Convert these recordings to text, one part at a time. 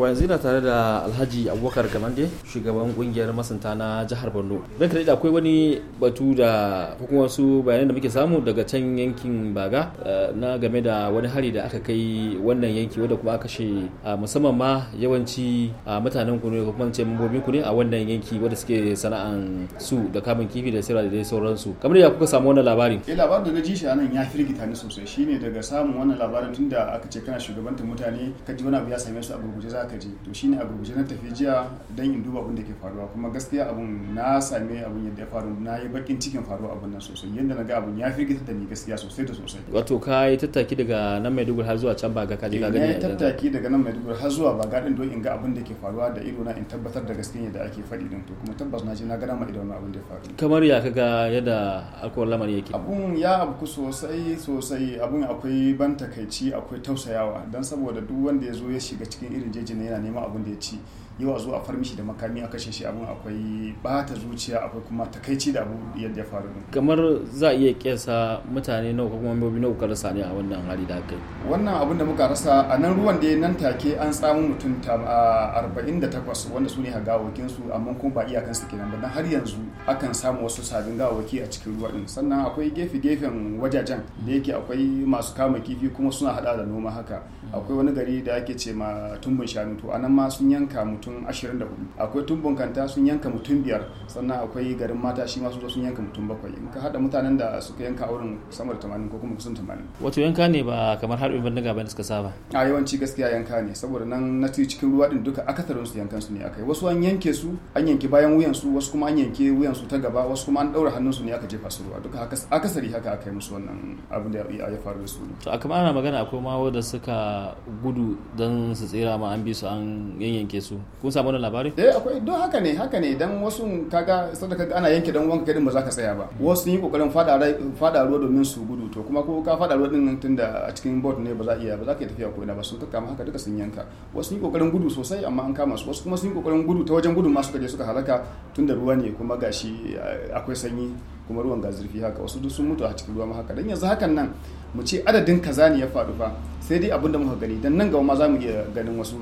wa yanzu ina tare da alhaji abubakar kamande shugaban kungiyar masunta na jihar borno don kare akwai wani batu da hukumar wasu bayanan da muke samu daga can yankin baga eh, na game da wani hari da aka kai wannan yanki wanda kuma aka kashe musamman ma yawanci mutanen ku ne ko kuma ce mambobin ku ne a wannan yanki wanda suke sana'an su da kamun kifi da sira da dai sauransu kamar ya kuka samu wannan labarin eh labarin da na ji shi anan ya firgita ni sosai shine daga samun wannan labarin tunda aka ce kana shugabantar mutane ka ji wani abu ya same su a gurguje za ka je to shine a gurguje na tafi jiya don in duba abin da ke faruwa kuma gaskiya abun na same abun yadda ya faru na yi bakin cikin faruwa abun nan sosai yadda na ga abun ya firgita da ni gaskiya sosai da sosai wato ka yi tattaki daga nan maiduguri har zuwa can ba ga kaji ka gani eh, ya tattaki daga nan maiduguri har zuwa ba gadin don in ga abin da ke faruwa da ido na in tabbatar da gaskiya da ake faɗi din to kuma tabbas na je na gana ma idan abin da ya faru kamar ya ka ga yadda alkawar lamari yake abun ya abu sosai sosai abun akwai ban takaici akwai tausayawa don saboda duk wanda ya zo ya shiga cikin irin yarjejeniya yana neman abin da ya ci yi wa zuwa a far da makami a kashe shi abin akwai bata zuciya akwai kuma takaici da abu yadda ya faru kamar za a iya kesa mutane nawa kuma membobi nawa ka rasa ne a wannan hali da aka wannan abin da muka rasa a nan ruwan da nan take an samu mutum arba'in da takwas wanda su ne a gawakin su amma kuma ba iyakan su kenan ba dan har yanzu akan samu wasu sabin gawaki a cikin ruwa din sannan akwai gefe gefen wajajen da yake akwai masu kama kifi kuma suna hada da noma haka akwai wani gari da ake ce ma tumbu kiwon shanu to anan ma sun yanka mutum 24 akwai tumbun kanta sun yanka mutum biyar sannan akwai garin mata shi ma su sun yanka mutum bakwai in ka hada mutanen da suka yanka auren sama da tamanin ko kuma kusan tamanin wato yanka ne ba kamar harbin bindiga da suka saba a yawanci gaskiya yanka ne saboda nan na cikin ruwa din duka akasarin su yankan su ne akai wasu an yanke su an yanke bayan wuyan su wasu kuma an yanke wuyan su ta gaba wasu kuma an daura hannun su ne aka jefa su ruwa duka akasari haka aka yi musu wannan abin da ya faru da su to a kamar ana magana akwai ma wanda suka gudu don su tsira ma an bi su an yanyanke su kun samu wannan labari eh akwai don haka ne haka ne dan wasu kaga saboda kaga ana yanke dan wanka kadin ba za ka tsaya ba wasu yi kokarin fada fada ruwa domin su gudu to kuma ko ka fada ruwa din tunda a cikin board ne ba za iya ba za ka tafiya ko ina ba sun kakkama haka duka sun yanka wasu yi kokarin gudu sosai amma an kama su wasu kuma sun yi kokarin gudu ta wajen gudun masu kaje suka halaka tunda ruwa ne kuma gashi eh, akwai sanyi kuma ruwan ga zurfi haka wasu duk sun mutu a cikin ruwa ma haka dan yanzu hakan nan mu ce adadin kaza ne ya faru fa sai dai abin muka gani dan nan gaba ma za mu iya ganin wasu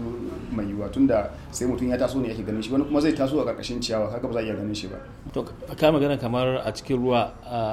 mai yiwuwa da sai mutum ya taso ne yake ganin shi wani kuma zai taso a karkashin ciyawa haka ba za a iya ganin shi ba to ka magana kamar a cikin ruwa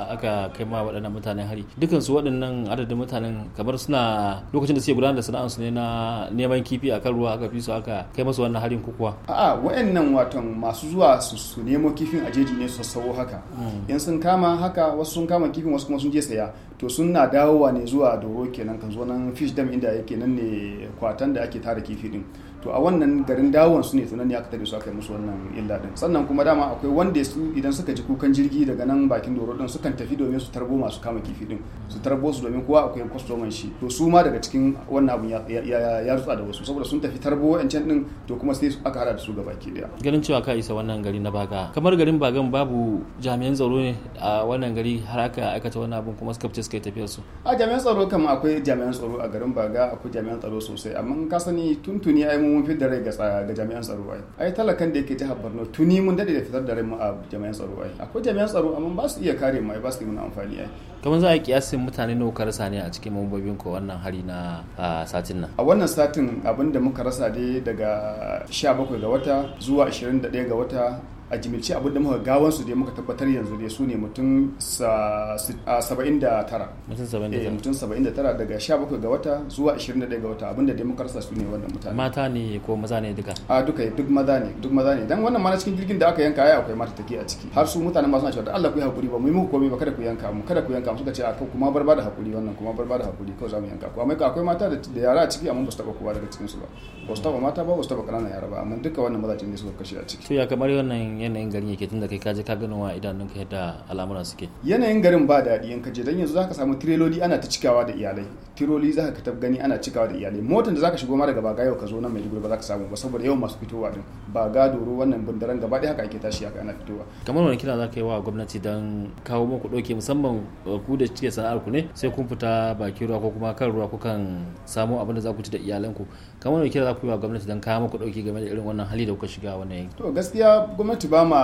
aka kai ma waɗannan mutanen hari dukkan su waɗannan adadin mutanen kamar suna lokacin da suke gudanar da sana'ansu ne na neman kifi a kan ruwa aka fi su aka kai masu wannan harin ko kuwa a'a waɗannan watan masu zuwa su nemo kifin a jeji ne su sassawo haka mm. in sun kama haka wasu sun kama kifin wasu kuma sun je saya to suna dawowa ne zuwa doro kenan kan zo nan fish dam inda yake nan ne kwatan da ake tara kifi din to a wannan garin dawon su ne tunan nan ya aka su aka yi musu wannan illa din sannan kuma dama akwai wanda su idan suka ji kukan jirgi daga nan bakin doro din sukan tafi domin su tarbo masu kama kifi din su tarbo su domin kowa akwai kwastoman shi to su ma daga cikin wannan abun ya rutsa da wasu saboda sun tafi tarbo yancan din to kuma sai aka hada da su baki daya ganin cewa ka isa wannan gari na baga kamar garin bagan babu jami'an tsaro ne a wannan gari har aka aikata wannan abun kuma suka fice suka yi tafiyar su a jami'an tsaro kam akwai jami'an tsaro a garin baga akwai jami'an tsaro sosai amma ka sani tuntuni ai mun fi da rai ga jami'an tsaro ai ai talakan da yake jihar Borno tuni mun dade da fitar da rai mu a jami'an tsaro ai akwai jami'an tsaro amma ba su iya kare mu ai ba su yi amfani ai kamar za a kiyasin mutane nawa ka rasa ne a cikin mambobin ko wannan hari na satin nan a wannan satin abinda muka rasa dai daga 17 ga wata zuwa 21 ga wata a jimilce abin da muka gawan su dai muka tabbatar yanzu dai su ne mutum 79 mutum 79 eh, daga 17 ga wata zuwa 21 ga wata abin da dai muka rasa su ne wannan mutane mata ne ko maza ne duka a duka duk maza ne duk maza ne dan wannan ma cikin jirgin da aka yanka ya akwai mata take a ciki har su mutanen ma suna cewa Allah ku yi hakuri ba mu yi muku komai ba kada ku yanka mu kada ku yanka mu suka ce a kuma barba da hakuri wannan kuma barba da hakuri kawai za mu yanka ku amma akwai mata da yara a ciki amma ba su taba kowa daga cikin su ba ba su taba mata ba ba su taba ƙananan yara ba amma duka wannan maza ne suka kashe a ciki to ya kamar wannan yanayin garin yake tunda kai kaje ka gano wa ka yadda al'amuran suke yanayin garin ba daɗi in ka je dan yanzu zaka samu tireloli ana ta cikawa da iyalai tiroli zaka ka gani ana cikawa da iyalai motar da zaka shigo ma daga baga yau ka zo nan Maiduguri ba zaka samu ba saboda yawan masu fitowa din baga doro wannan bundaran gaba ɗaya haka ake tashi haka ana fitowa kamar wani kira zaka yi wa gwamnati dan kawo muku ɗauke musamman uh, ku da cike sana'ar ku ne sai kun fita baki ruwa ko kuma kan ruwa kan samu abin da za ku ci da iyalanku kamar wani kira za ku yi wa gwamnati dan kawo muku ɗauke game da irin wannan hali da kuka shiga wannan to gaskiya gwamnati ba ma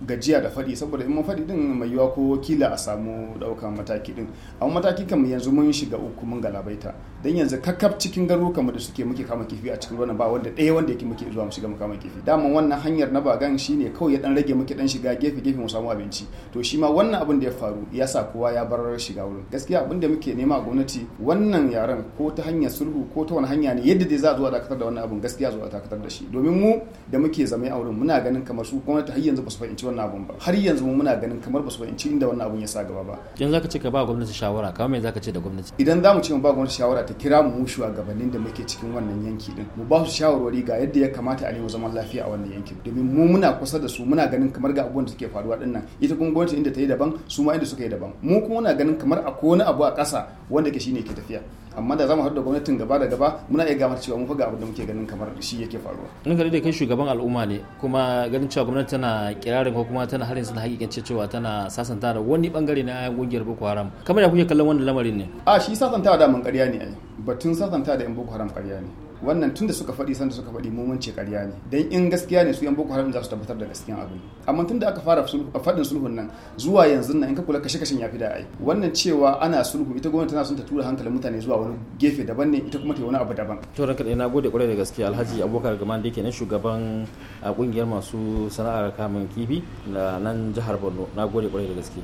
gajiya da faɗi saboda in mun faɗi din mai yiwa ko kila a samu ɗaukan mataki din amma mataki kamar yanzu mun shiga uku mun galabaita don yanzu kakkaf cikin garuruka da suke muke kama kifi a cikin ruwan ba wanda ɗaya wanda yake muke zuwa mu shiga mu kama kifi daman wannan hanyar na bagan shine kawai ya dan rage muke dan shiga gefe gefe mu samu abinci to shi ma wannan abin da ya faru ya sa kowa ya bar shiga wurin gaskiya abin da muke nema a gwamnati wannan yaran ko ta hanyar sulhu ko ta wani hanya ne yadda dai za a zo a dakatar da wannan abin gaskiya zo a dakatar da shi domin mu da muke zama a wurin muna ganin kamar su gwamnati har yanzu ba su fahimci wannan abin ba har yanzu muna ganin kamar ba su fahimci inda wannan abin ya sa gaba ba yanzu zaka ce ka ba gwamnati shawara kamar me zaka ce da gwamnati idan za mu ce mu ba gwamnati shawara ka kira mu shugabannin da muke cikin wannan yanki din mu ba su shawarwari ga yadda ya kamata a nemo zaman lafiya a wannan yankin domin mu muna kusa da su muna ganin kamar ga abubuwan da suke faruwa dinnan ita kuma gwamnati inda ta yi daban su ma inda suka yi daban mu kuma muna ganin kamar akwai wani abu a ƙasa wanda ke shine ke tafiya amma da zamu haɗu da gwamnatin gaba da gaba muna iya gamar cewa mu fa ga abin da muke ganin kamar shi yake faruwa in gari da kai shugaban al'umma ne kuma ganin cewa gwamnati tana kirarin ko kuma tana harin sun hakikan cewa tana sasanta da wani bangare na ƙungiyar Boko Haram kamar ya kuke kallon wannan lamarin ne a shi sasanta da mun ƙarya ne ai batun sasanta da yan boko haram karya ne wannan tun da suka faɗi san da suka faɗi mun ce karya ne dan in gaskiya ne su yan boko haram za su tabbatar da gaskiyan abin amma tun da aka fara faɗin sulhun nan zuwa yanzu nan in ka kula kashe kashen fi da ai wannan cewa ana sulhu ita gwamnati tana son ta tura hankalin mutane zuwa wani gefe daban ne ita kuma ta yi wani abu daban to ranka na gode kwarai da gaskiya Alhaji Abubakar Gaman da yake na shugaban kungiyar masu sana'ar kamun kifi na nan jihar Borno na gode kwarai da gaskiya